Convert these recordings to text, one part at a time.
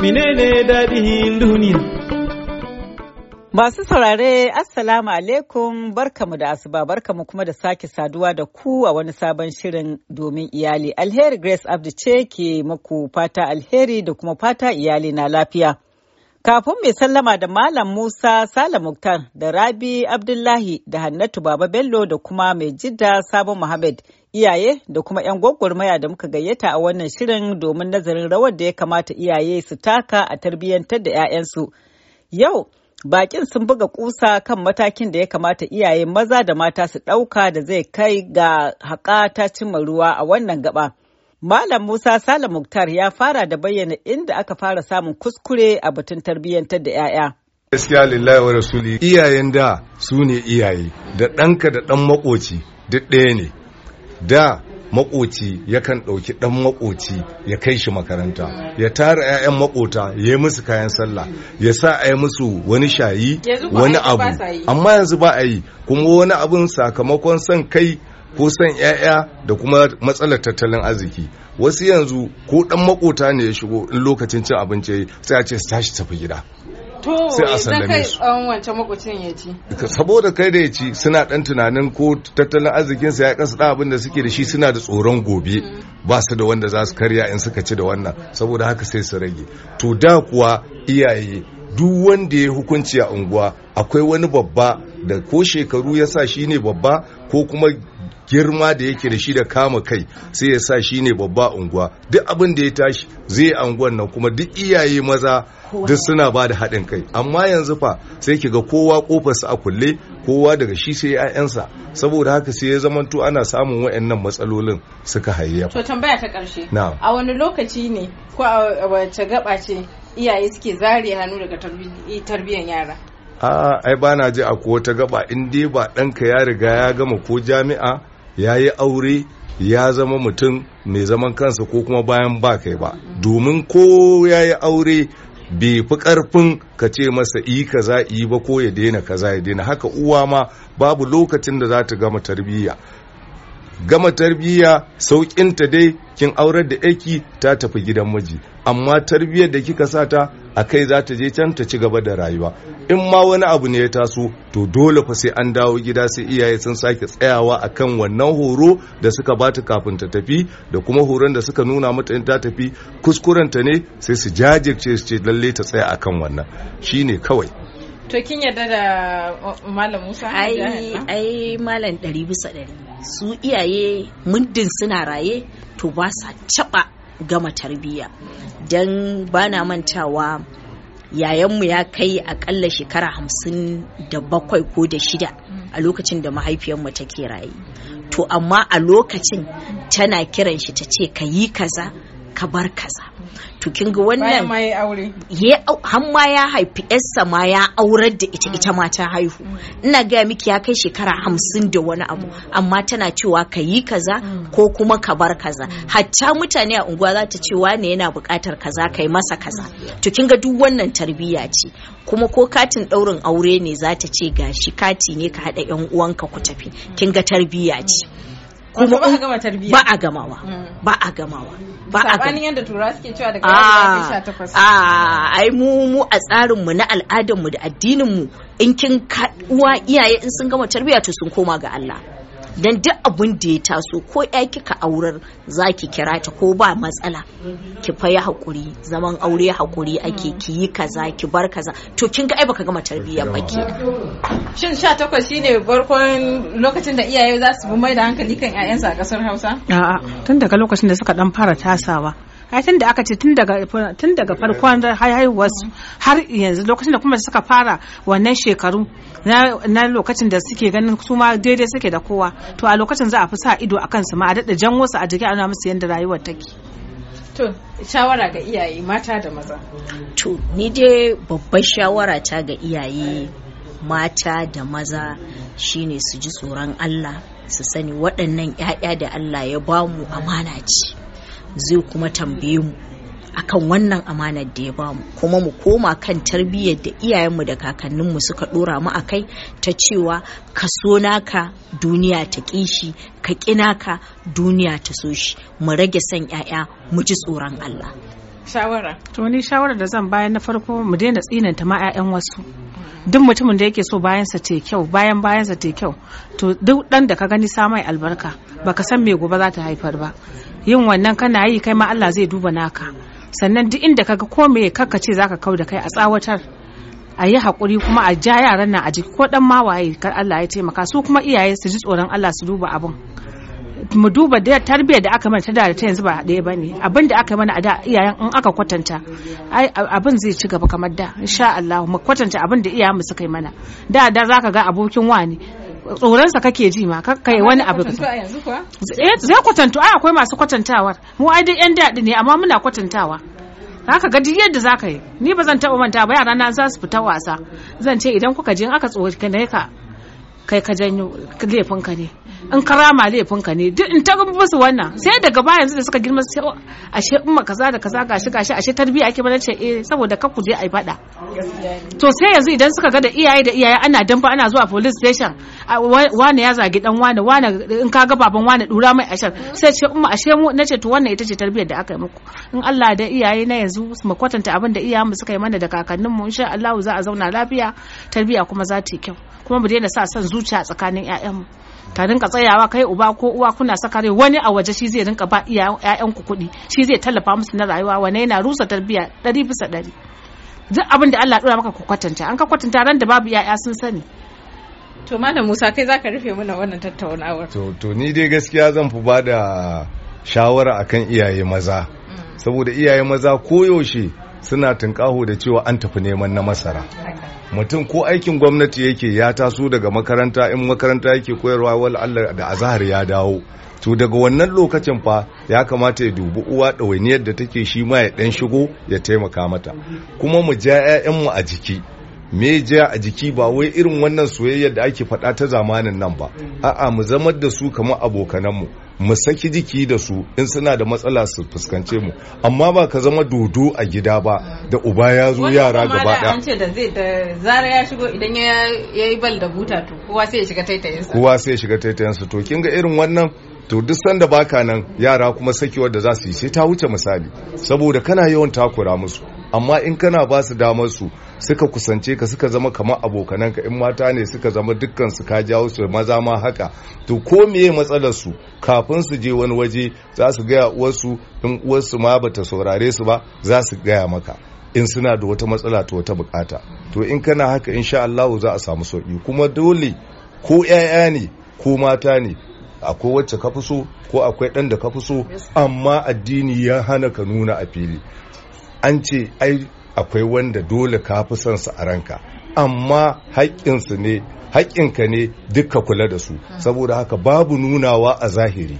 menene daɗin duniya. Masu saurare, Assalamu alaikum, barkamu da asuba, barkamu kuma da sake saduwa da ku a wani sabon shirin domin iyali. Alheri Grace Abdu ce ke maku fata alheri da kuma fata iyali na lafiya. Kafin mai sallama da Malam Musa Sale Muktar da Rabi Abdullahi da Hannatu Baba Bello da kuma mai jidda Sabon Muhammad iyaye da kuma 'yan gwagwarmaya da muka gayyata a wannan shirin domin nazarin rawar da ya kamata iyaye su taka a tarbiyyantar da 'ya'yansu. Yau, bakin sun buga kusa kan matakin da ya kamata iyaye maza da mata su ɗauka da zai kai ga haƙa ta cimma ruwa a wannan gaba. Malam Musa Sale Muktar ya fara da bayyana inda aka fara samun kuskure a batun tarbiyyantar da 'ya'ya. Gaskiya lillahi wa rasuli iyayen da su ne iyaye da ɗanka da ɗan makoci duk ɗaya ne. Da makoci yakan ɗauki ɗan makoci ya kai shi makaranta ya tara 'ya'yan makota ya yi musu kayan sallah ya sa a yi musu wani shayi wani abu amma yanzu ba a yi kuma wani abun sakamakon son kai ko san 'ya'ya da kuma matsalar tattalin arziki wasu yanzu ko dan makota ne ya shigo in lokacin cin abinci sai a ce su tashi tafi gida sai a sallame su wancan makocin ya ci saboda kai da ya ci suna dan tunanin ko tattalin arzikin sa ya kasa da abin da suke da shi suna da tsoron gobe mm. ba su da wanda za su karya in suka ci da wannan saboda haka sai su rage to da kuwa iyaye duk wanda ya hukunci a unguwa akwai wani babba da ko shekaru ya sa shi ne babba ko kuma girma da yake da shi da kama kai sai ya sa shi ne babba unguwa duk abin da ya tashi zai anguwan nan kuma duk iyaye maza duk suna ba da haɗin kai amma yanzu fa sai ki ga kowa kofarsa a kulle kowa daga shi sai 'ya'yansa saboda haka sai ya zamanto ana samun wayannan matsalolin suka hayayya to tambaya ta karshe a wani lokaci ne ko a wace gaba ce iyaye suke zare hannu daga tarbiyyar yara a ai ba na ji a ko ta gaba in dai ba ɗanka ya riga ya gama ko jami'a ya yi aure ya zama mutum mai zaman kansa ko kuma bayan ba kai ba domin ko ya yi aure bai fi karfin ka ce masa yi kaza yi ba ko ya daina kaza ya daina haka uwa ma babu lokacin da za ta gama tarbiyya gama tarbiyya sauƙinta dai kin aurar da aiki ta tafi gidan miji amma tarbiyyar da kika sata a kai za ta je can ta ci gaba da rayuwa in ma wani abu ne ya taso to dole fa sai an dawo gida sai iyaye sun sake tsayawa a kan wannan horo da suka ba ta kafin ta tafi da kuma horon da suka nuna mata in ta tafi kuskurenta ne sai su jajirce su ce lalle ta tsaya a kan wannan shine kawai to kin yarda da uh, malam Musa ai ai malam 100 bisa 100 su iyaye muddin suna raye to ba sa taba gama tarbiyya don bana mantawa yayanmu ya kai akalla shekara hamsin da bakwai ko da shida a lokacin da mahaifiyarmu take raye to amma a lokacin tana kiran shi ta ce ka yi kaza ka bar kaza to kin ga wannan ma ya aure har ma ya haifi yarsa ma ya aurar da ita ita ma ta haihu ina gaya miki ya kai shekara hamsin da wani abu amma tana cewa ka yi kaza ko kuma ka bar kaza hatta mutane a unguwa za ta ce wane yana buƙatar kaza kai masa kaza to kin ga duk wannan tarbiyya ce kuma ko katin ɗaurin aure ne za ta ce gashi kati ne ka haɗa 'yan uwanka ku tafi kin ga tarbiyya ce kuma ba a gama tarbiyya ba a gamawa mm. ba a gamawa ba a gamawa yadda tura suke cewa daga yara 18 a ai mu mu a tsarin mu na al'adar mu da addinin mu in kin uwa iyaye in sun gama tarbiyya to sun koma ga Allah don duk abin da ya taso ko ya kika aurar za ki kira ta ko ba matsala ki fayi ya haƙuri zaman aure haƙuri ake ki kaza ki bar kaza to kin ga ai baka gama tarbiyyar ba ke shin 18 shine barkon lokacin da iyaye za su bi mai da hankali kan 'ya'yansu a ƙasar Hausa a'a tun daga lokacin da suka dan fara tasawa ai tun da aka ce tun daga tun daga farkon haihuwarsu har yanzu lokacin da kuma suka fara wannan shekaru na lokacin da suke ganin su ma daidai suke da kowa to a lokacin za a fi sa ido a kansu ma a daɗa janwo su a jiki ana musu yadda rayuwar take to shawara ga iyaye mata da maza to ni dai babbar shawara ta ga iyaye mata da maza shine su ji tsoron Allah su sani waɗannan 'ya'ya da Allah ya bamu amana ce zai kuma tambaye mu akan wannan amanar da ya bamu kuma mu koma kan tarbiyyar da iyayenmu da kakanninmu suka dora mu a kai ta cewa ka so naka duniya ta kishi ka ƙinaka duniya ta so shi mu rage son 'ya'ya mu ji tsoron Allah shawara to ni shawara da zan bayan na farko mu daina tsinanta ma 'ya'yan wasu duk mutumin da yake so bayansa te kyau bayan bayansa te kyau to duk dan da ka gani samai albarka baka san me gobe za ta haifar ba yin wannan kana yi kai ma Allah zai duba naka sannan duk inda kaga ko me kaka ce zaka kau da kai a tsawatar a yi hakuri kuma a ja yaran nan a jiki ko dan ma waye kar Allah ya taimaka su kuma iyaye su ji tsoron Allah su duba abun. mu duba da tarbiyyar da aka mana ta da ta yanzu ba ɗaya bane abin da aka mana a da iyayen in aka kwatanta ai abin zai ci gaba kamar da insha Allah mu kwatanta abin da iyayen mu suka yi mana da da zaka ga abokin wani tsoronsa kake ji ma kai wani abu ka eh, zai kwatanto ai akwai masu kwatantawar mu ai duk yan daɗi ne amma muna kwatantawa haka ga duk yadda zaka yi ni ba zan taɓa manta ba yara na za su fita wasa zan ce idan kuka je aka tsokane ka kai ka janyo laifin ka ne in karama ka ne duk in ta musu wannan sai daga bayan yanzu da suka girma sai ashe ma kaza da kaza gashi gashi ashe tarbiya ake mana ce eh saboda ka ku je ai fada to sai yanzu idan suka ga da iyaye da iyaye ana damba ana zuwa police station ah, wane ya zagi dan wane wane in ka ga baban wane dura mai ashar sai ce umma ashe mu nace to wannan ita ce tarbiyyar da aka yi muku in Allah da iyaye na yanzu mu kwatanta abin da iyayen mu suka yi mana da kakannin mu insha Allah za a zauna lafiya tarbiyya kuma za ta yi kyau kuma mu daina sa san zu zuciya tsakanin ƴaƴanmu ka rinka tsayawa kai uba ko uwa kuna saka rai wani a waje shi zai rinka ba ku kuɗi shi zai tallafa musu na rayuwa wane yana rusa tarbiyya ɗari bisa ɗari duk abin da Allah ɗora maka ku kwatanta an ka kwatanta ran da babu 'ya'ya sun sani to malam Musa kai zaka rufe mana wannan tattaunawar to to ni dai gaskiya zan fi bada shawara akan iyaye maza mm. saboda iyaye maza koyaushe suna tunƙaho da cewa an tafi neman na masara mutum ko aikin gwamnati yake ya taso daga makaranta in makaranta yake koyarwa wal Allah da azahar ya dawo to daga wannan lokacin fa ya kamata ya dubi uwa ɗawainiyar da take shi ma ya ɗan shigo ya taimaka mata kuma mu ja 'ya'yanmu a jiki me ja a jiki ba wai irin wannan soyayyar da ake faɗa ta zamanin nan ba a'a mu zamar da su kamar abokananmu mu saki jiki da su in suna da matsala su fuskance mu amma ba ka zama dodo a gida ba da uba ya zo yara gaba da an ce da zai da zara ya shigo idan ya yi bal da buta to kowa sai ya shiga taitayensa kowa sai ya shiga taitayensa to kin ga irin wannan to duk sanda baka nan yara kuma sakewar da za su yi sai ta wuce misali saboda kana yawan takura musu amma in kana ba su damar su suka kusance ka suka zama kamar abokananka in mata ne suka zama dukkan su ka jawo su maza ma haka to ko meye matsalar su kafin su je wani waje za su gaya uwarsu in uwarsu ma bata saurare su ba za su gaya maka in suna da wata matsala ta wata bukata to in kana haka insha Allah za a samu sauki kuma dole ko 'ya'ya ne ko mata ne akwai wacce ka fi so ko akwai dan da ka fi so amma addini ya hana ka nuna a fili an ce ai akwai wanda dole ka fi son su a ranka amma haƙƙinsu ne haƙƙinka ne duka kula da su hmm. saboda haka babu nunawa a zahiri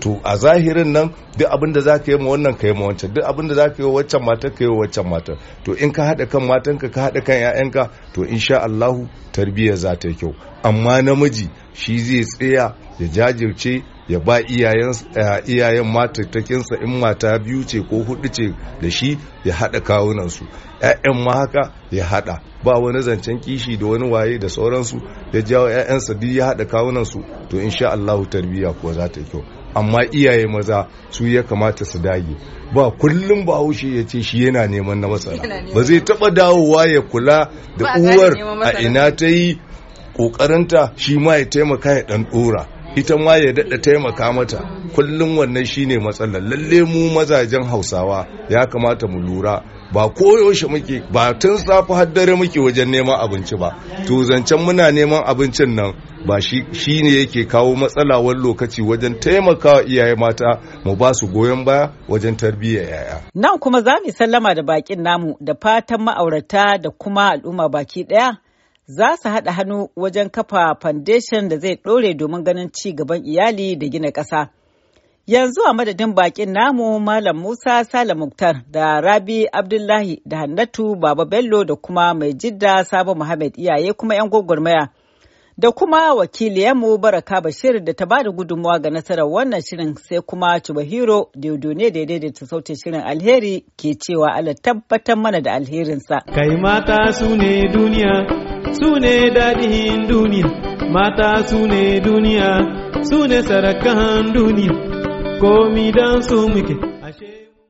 to a zahirin nan duk abin da za ka yi ma wannan ka yi ma wancan duk abin da za ka yi wa waccan matar ka yi wa waccan matar to in ka haɗa kan matanka ka haɗa kan 'ya'yanka to insha Allahu tarbiyyar za ta yi kyau amma namiji shi zai tsaya ya jajirce ya ba iyayen eh, matattakinsa in mata biyu ce ko hudu ce da shi ya haɗa kawunansu 'ya'yan ma haka ya haɗa ba wani zancen kishi da wani waye da sauransu ya jawo 'ya'yansa duk ya haɗa kawunansu to insha Allahu tarbiyya kuwa za ta kyau amma iyaye maza su ya kamata su dage ba kullum ba haushe ya ce shi yana neman na masara ba zai taba dawowa ya kula da uwar a ina ta yi kokarinta shi ma ya taimaka ya dan dora ita ma ya daɗa taimaka mata kullum wannan shine matsalar lalle mu mazajen hausawa ya kamata mu lura ba koyaushe muke ba tun safi har dare muke wajen neman abinci ba to zancen muna neman abincin nan ba shi ne yake kawo matsala wani lokaci wajen taimakawa iyaye mata mu ba su goyon baya wajen tarbiyyar yaya. Nan kuma za mu sallama da bakin namu da fatan ma'aurata da kuma al'umma baki ɗaya. za su haɗa hannu wajen kafa foundation da zai ɗore domin ganin ci gaban iyali da gina ƙasa. Yanzu a madadin bakin namu Malam Musa Sale Muktar da Rabi Abdullahi da Hannatu Baba Bello da kuma mai jidda Sabo Muhammad iyaye kuma 'yan gwagwarmaya. da kuma wakiliyanmu Baraka Bashir da ta bada gudunmawa ga nasarar wannan shirin sai kuma Chubahiro daidai da ta sautin shirin alheri ke cewa ala tabbatar mana da alherinsa. Kai mata su ne duniya, su ne daɗin duniya, mata su ne duniya, su ne sarakan duniya, komi don su muke.